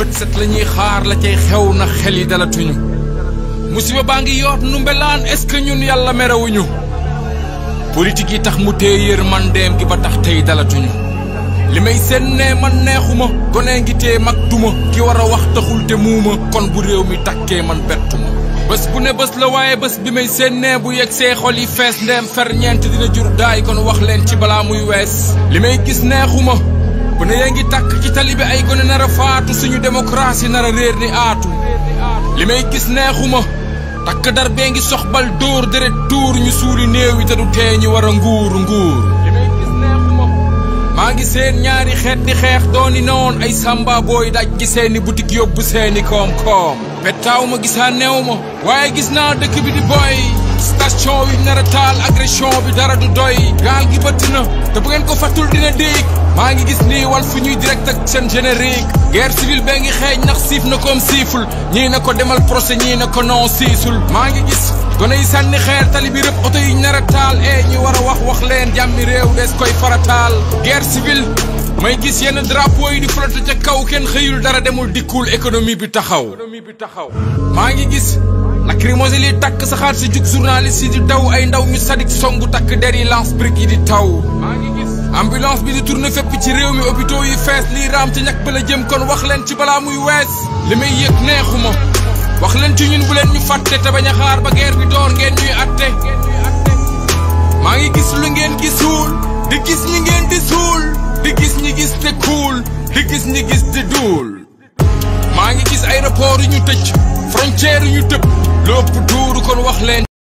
bët set la ñuy xaar la cay xew na xel yi dalatuñu musiba baa ngi yoot nu mbelaan est-ce que ñun yàlla merewuñu politique yi tax mu téye yër man deem gi ba tax tey dalatuñu li may seen ne man neexuma gone ngi tee mag duma ki war a wax taxul te muuma kon bu réew mi takkee man bettuma bés bu ne bës la waaye bés bi may seen ne bu yeg see xol yi fees ndeem fer ñeent dina jur daay kon wax leen ci balaa muy wees li may gis neexuma pneu yaa ngi takk ci tali bi ay gone nar a faatu suñu démocratie nar a réer ni aatu li may gis neexuma takk dar bee ngi sox bal dóor deret tuur ñu suuli néew yi te du tee ñu war a nguur nguur maa ngi seen ñaari xeet di xeex dooni noon ay samba booy daj gi seeni butik yóbbu seeni koom-koom pettaaw ma gisaa neew ma waaye gis naa dëkk bi di boy otage coow yi nar a taal bi dara du doy gaal gi bëtt na te bu ngeen ko fàttul dina déeg maa ngi gis nii wal fu ñuy direct ak seen générique guerre civile bee ngi xeeñ ndax siif na koom siiful ñii na ko demal procès ñii na ko non siisul maa ngi gis gone yi sànni xeer tali bi rëpp oto yi nar a ñi e eh, war wax wax leen jàmmi réew dees koy farataal guerre civile may gis yenn drapeau yi di flotte ca kaw kenn xëyul dara demul dikkul économie bi taxaw maa ngi gis lacrymogène yi takk saxaar si jug journaliste yi di daw ay ndaw ñu sadik songu takk der yi lance yi di taw ambulance bi di tourné fépp ci réew mi hôpitaux yi fees lii raam ci ñàkk ba la jëm kon wax leen ci balaa muy wees li may yëg neexuma wax leen ci ñun bu leen ñu fàtte te bañ a ba guerre bi door ngeen ñuy atte di gis ñi gis di duul maa ngi gis aéroport yu ñu tëj frontière yu ñu tëb duuru kon wax leen